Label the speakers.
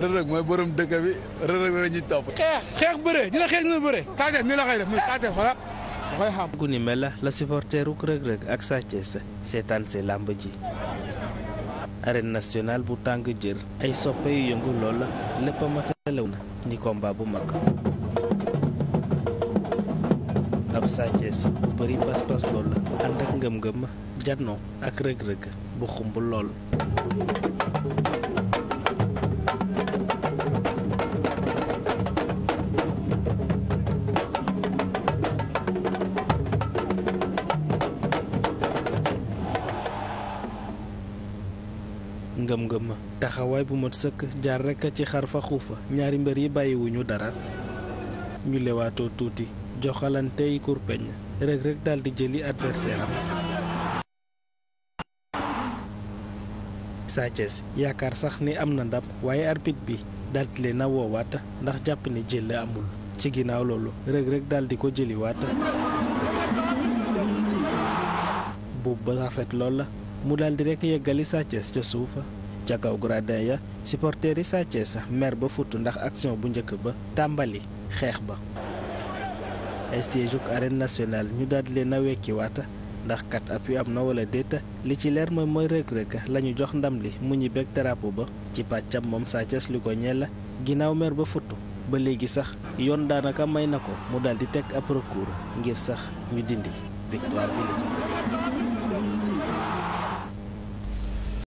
Speaker 1: Reug Reug mooy borom dëkk bi Reug Reug topp. xeex xeex bëre ñu ne xeex ñu ne bëre. Sathiès nii la koy muy Sathiès voilà da koy xam. gu ni mel la supporteru Reug Reug ak Sathiès seetaan see làmb ji. arène nationale bu tàng jër ay soppe yu yëngu lool lépp a matalew na ni combat bu mag. ab Sathiès bu bëri pas-pas lool ànd ak ngëm-ngëm jànnoo ak Reug Reug bu xumb lool. ngëm-ngëm taxawaay bu mat sëkk jaar rek ci xar fa xuufa ñaari mbër yi bàyyiwuñu dara ñu lewaatoo tuuti joxalantey kurpeñ Reug Reug daal di jëli adversaire am yaakaar sax ni am na ndam waaye arbitre bi daal di leen a woowaat ndax jàpp ne jël amul ci ginnaaw loolu Reug Reug daal di ko jëliwaat. buub ba rafet lool mu daal di rek yeggali Sa ca suufa ca kaw gradin ya supporter yi Sa Thiès mer ba futt ndax action bu njëkk ba tàmbali xeex ba estiéjuk arène nationale ñu daal di leen a wekkiwaata ndax kat appui am na wala déet li ci leer mooy mooy Reug Reug la jox ndam li mu ñi bég drapeau ba ci pàccam moom Sa Thiès li ko ñeel ginnaaw mer ba futt ba léegi sax yoon daanaka may na ko mu daal di teg ab recours ngir sax ñu dindi victoire bi